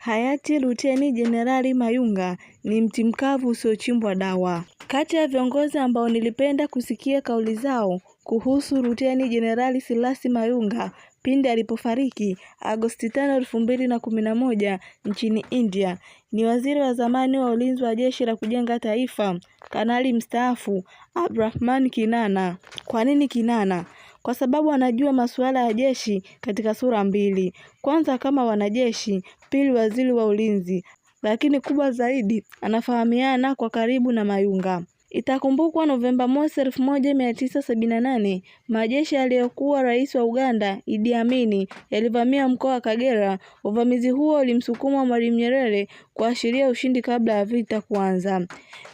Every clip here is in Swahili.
Hayati Luteni Jenerali Mayunga ni mti mkavu usiochimbwa dawa. Kati ya viongozi ambao nilipenda kusikia kauli zao kuhusu Luteni Jenerali Silasi Mayunga pindi alipofariki Agosti 5, 2011 nchini India ni waziri wa zamani wa ulinzi wa jeshi la kujenga taifa, kanali mstaafu abdurahman Kinana. Kwa nini Kinana? kwa sababu anajua masuala ya jeshi katika sura mbili, kwanza kama wanajeshi, pili waziri wa ulinzi, lakini kubwa zaidi anafahamiana kwa karibu na Mayunga. Itakumbukwa Novemba mosi 1978 majeshi aliyokuwa rais wa Uganda Idi Amin yalivamia mkoa wa Kagera. Uvamizi huo ulimsukuma Mwalimu Nyerere kuashiria ushindi kabla ya vita kuanza.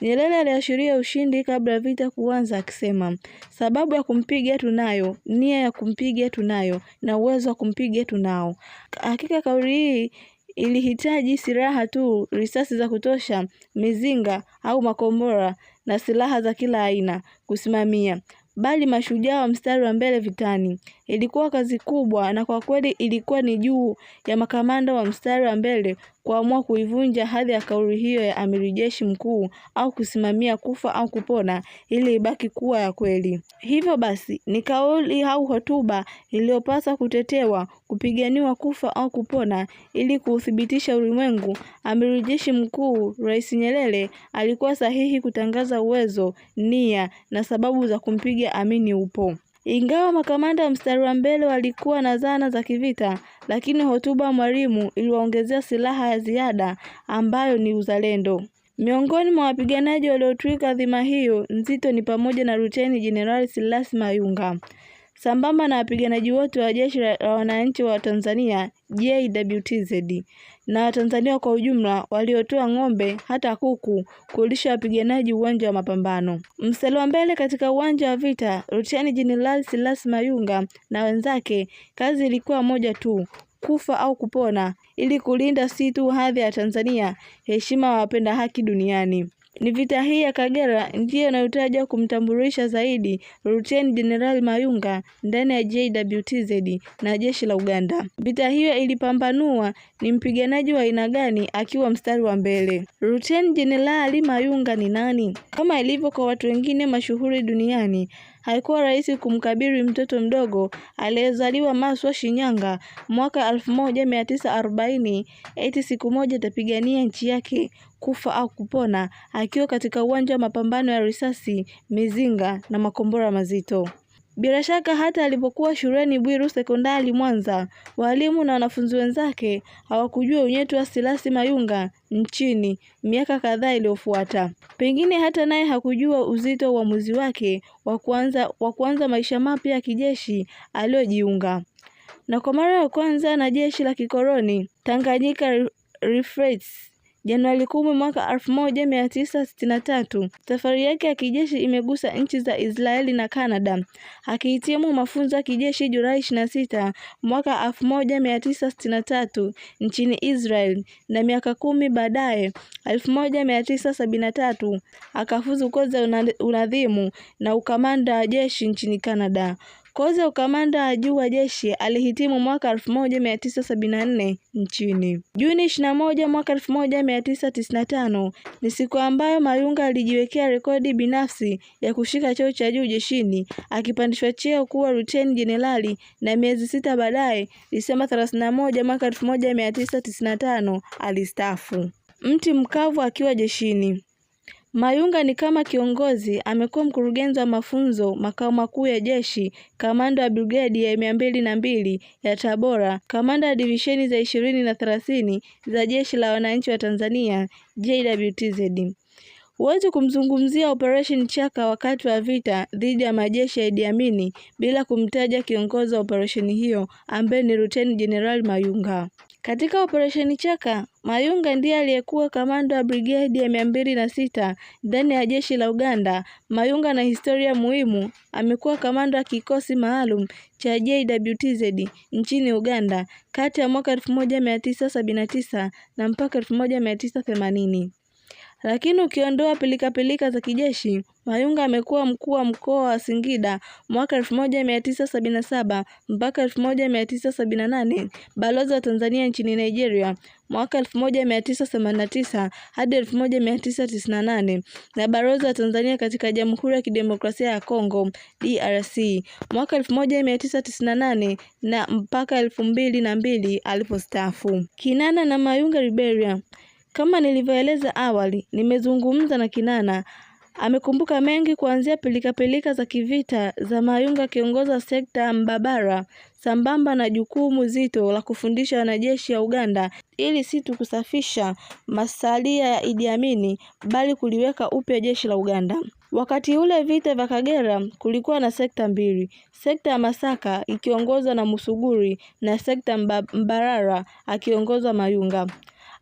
Nyerere aliashiria ushindi kabla ya vita kuanza akisema, sababu ya kumpiga tunayo, nia ya kumpiga tunayo, na uwezo wa kumpiga tunao. Hakika kauli hii ilihitaji silaha tu, risasi za kutosha, mizinga au makombora na silaha za kila aina kusimamia, bali mashujaa wa mstari wa mbele vitani. Ilikuwa kazi kubwa na kwa kweli ilikuwa ni juu ya makamanda wa mstari wa mbele kuamua kuivunja hadhi ya kauli hiyo ya Amiri Jeshi Mkuu au kusimamia kufa au kupona ili ibaki kuwa ya kweli. Hivyo basi ni kauli au hotuba iliyopaswa kutetewa, kupiganiwa kufa au kupona ili kuuthibitisha ulimwengu Amiri Jeshi Mkuu Rais Nyerere alikuwa sahihi kutangaza uwezo, nia na sababu za kumpiga amini upo. Ingawa makamanda mstari wa mbele walikuwa na zana za kivita, lakini hotuba Mwalimu iliwaongezea silaha ya ziada ambayo ni uzalendo. Miongoni mwa wapiganaji waliotwika dhima hiyo nzito ni pamoja na Luteni Jenerali Silasi Mayunga sambamba na wapiganaji wote wa Jeshi la Wananchi wa Tanzania JWTZ na Watanzania kwa ujumla waliotoa ng'ombe hata kuku kulisha wapiganaji uwanja wa mapambano. Mstari wa mbele katika uwanja wa vita, Luteni Jenerali Silas Mayunga na wenzake, kazi ilikuwa moja tu, kufa au kupona, ili kulinda si tu hadhi ya Tanzania, heshima ya wapenda haki duniani. Ni vita hii ya Kagera ndiyo inayotajwa kumtambulisha zaidi Luteni Jenerali Mayunga ndani ya JWTZ na jeshi la Uganda. Vita hiyo ilipambanua ni mpiganaji wa aina gani akiwa mstari wa mbele. Luteni Jenerali Mayunga ni nani? Kama ilivyo kwa watu wengine mashuhuri duniani, Haikuwa rahisi kumkabiri mtoto mdogo aliyezaliwa Maswa, Shinyanga mwaka 1940 eti siku moja atapigania nchi yake kufa au kupona, akiwa katika uwanja wa mapambano ya risasi, mizinga na makombora mazito. Bila shaka hata alipokuwa shuleni Bwiru Sekondari Mwanza, walimu na wanafunzi wenzake hawakujua unyetu wa Silasi Mayunga nchini miaka kadhaa iliyofuata. Pengine hata naye hakujua uzito wa uamuzi wake wa kuanza wa kuanza maisha mapya ya kijeshi aliyojiunga. Na kwa mara ya kwanza na jeshi la kikoloni Tanganyika Rifles Januari kumi mwaka 1963. Safari yake ya kijeshi imegusa nchi za Israeli na Kanada. Akihitimu mafunzo ya kijeshi Julai 26 mwaka 1963 nchini Israel na miaka kumi baadaye 1973 akafuzu kozi ya unadhimu na ukamanda wa jeshi nchini Kanada ya ukamanda wa juu wa jeshi alihitimu mwaka 1974 nchini. Juni 21 mwaka 1995 ni siku ambayo Mayunga alijiwekea rekodi binafsi ya kushika cheo cha juu jeshini akipandishwa cheo kuwa luteni jenerali na miezi sita baadaye, Disemba 31 mwaka 1995 alistaafu. Mti mkavu akiwa jeshini. Mayunga ni kama kiongozi amekuwa mkurugenzi wa mafunzo makao makuu ya jeshi, kamanda wa brigedi ya mia mbili na mbili ya Tabora, kamanda wa divisheni za ishirini na thelathini za jeshi la wananchi wa Tanzania JWTZ. Huwezi kumzungumzia Operation Chaka wakati wa vita dhidi ya majeshi ya Idi Amin bila kumtaja kiongozi wa operesheni hiyo ambaye ni Luteni Jenerali Mayunga. Katika Operesheni Chaka, Mayunga ndiye aliyekuwa kamanda wa brigedi ya mia mbili na sita ndani ya jeshi la Uganda. Mayunga na historia muhimu, amekuwa kamanda wa kikosi maalum cha JWTZ nchini Uganda kati ya mwaka 1979 na mpaka 1980. Lakini ukiondoa pilikapilika za kijeshi, Mayunga amekuwa mkuu wa mkoa wa Singida mwaka 1977 mpaka 1978, balozi wa Tanzania nchini Nigeria mwaka 1989 hadi 1998 na balozi wa Tanzania katika Jamhuri ya Kidemokrasia ya Kongo DRC mwaka 1998 na mpaka 2002 alipostaafu. Kinana na Mayunga Liberia kama nilivyoeleza awali, nimezungumza na Kinana. Amekumbuka mengi kuanzia pilikapilika za kivita za Mayunga akiongoza sekta mbabara sambamba na jukumu zito la kufundisha wanajeshi ya Uganda ili si tu kusafisha masalia ya Idi Amin bali kuliweka upya jeshi la Uganda. Wakati ule vita vya Kagera kulikuwa na sekta mbili, sekta ya Masaka ikiongozwa na Musuguri na sekta Mbarara akiongozwa Mayunga.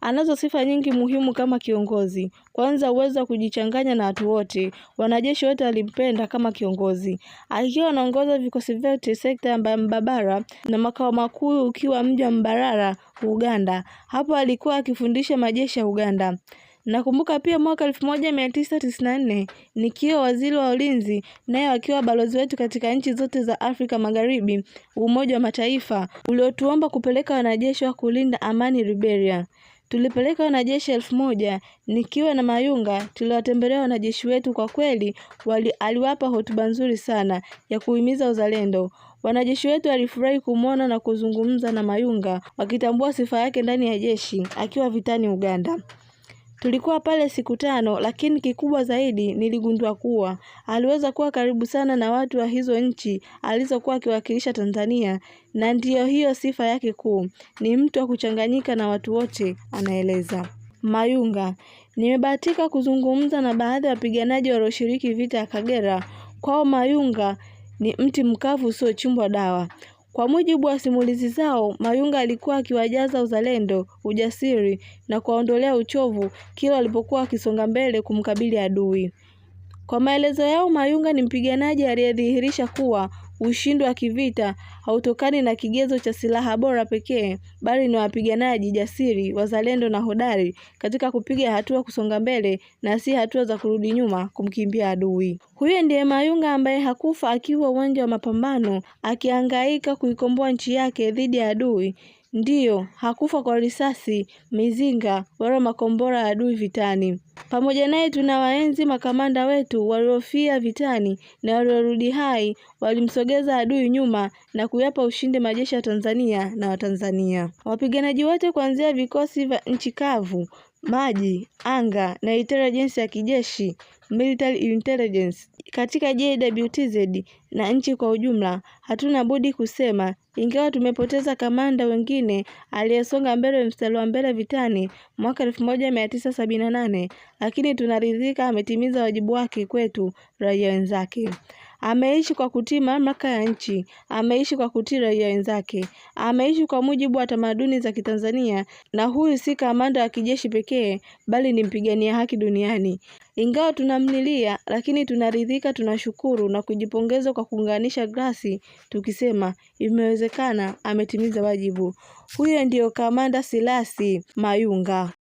Anazo sifa nyingi muhimu kama kiongozi. Kwanza, uwezo wa kujichanganya na watu wote. Wanajeshi wote walimpenda kama kiongozi, akiwa anaongoza vikosi vyote sekta ya Mbabara na makao makuu ukiwa mji wa Mbarara, Uganda. Hapo alikuwa akifundisha majeshi ya Uganda. Nakumbuka pia mwaka 1994 nikiwa waziri wa ulinzi, naye akiwa balozi wetu katika nchi zote za Afrika Magharibi, Umoja wa Mataifa uliotuomba kupeleka wanajeshi wa kulinda amani Liberia. Tulipeleka wanajeshi elfu moja nikiwa na Mayunga. Tuliwatembelea wanajeshi wetu, kwa kweli wali, aliwapa hotuba nzuri sana ya kuhimiza uzalendo. Wanajeshi wetu walifurahi kumwona na kuzungumza na Mayunga wakitambua sifa yake ndani ya jeshi akiwa vitani Uganda. Tulikuwa pale siku tano, lakini kikubwa zaidi niligundua kuwa aliweza kuwa karibu sana na watu wa hizo nchi alizokuwa akiwakilisha Tanzania, na ndiyo hiyo sifa yake kuu, ni mtu wa kuchanganyika na watu wote, anaeleza Mayunga. Nimebahatika kuzungumza na baadhi ya wapiganaji walioshiriki vita ya Kagera. Kwao Mayunga ni mti mkavu usiochimbwa dawa. Kwa mujibu wa simulizi zao, Mayunga alikuwa akiwajaza uzalendo, ujasiri na kuwaondolea uchovu kila walipokuwa wakisonga mbele kumkabili adui. Kwa maelezo yao, Mayunga ni mpiganaji aliyedhihirisha kuwa ushindi wa kivita hautokani na kigezo cha silaha bora pekee, bali ni wapiganaji jasiri, wazalendo na hodari katika kupiga hatua kusonga mbele na si hatua za kurudi nyuma kumkimbia adui. Huyo ndiye Mayunga ambaye hakufa akiwa uwanja wa mapambano akihangaika kuikomboa nchi yake dhidi ya adui. Ndiyo, hakufa kwa risasi, mizinga wala makombora ya adui vitani. Pamoja naye tuna waenzi makamanda wetu waliofia vitani na waliorudi hai, walimsogeza adui nyuma na kuyapa ushindi majeshi ya Tanzania na Watanzania. Wapiganaji wote kuanzia vikosi vya nchi kavu maji, anga na intelligence ya kijeshi (military intelligence) katika JWTZ na nchi kwa ujumla hatuna budi kusema ingawa tumepoteza kamanda wengine aliyesonga mbele mstari wa mbele vitani mwaka 1978 lakini tunaridhika ametimiza wajibu wake kwetu raia wenzake ameishi kwa kutii mamlaka ya nchi, ameishi kwa kutii raia wenzake, ameishi kwa mujibu wa tamaduni za Kitanzania, na huyu si kamanda wa kijeshi pekee, bali ni mpigania haki duniani. Ingawa tunamlilia, lakini tunaridhika, tunashukuru na kujipongeza kwa kuunganisha glasi tukisema imewezekana, ametimiza wajibu. Huyo ndiyo Kamanda Silasi Mayunga.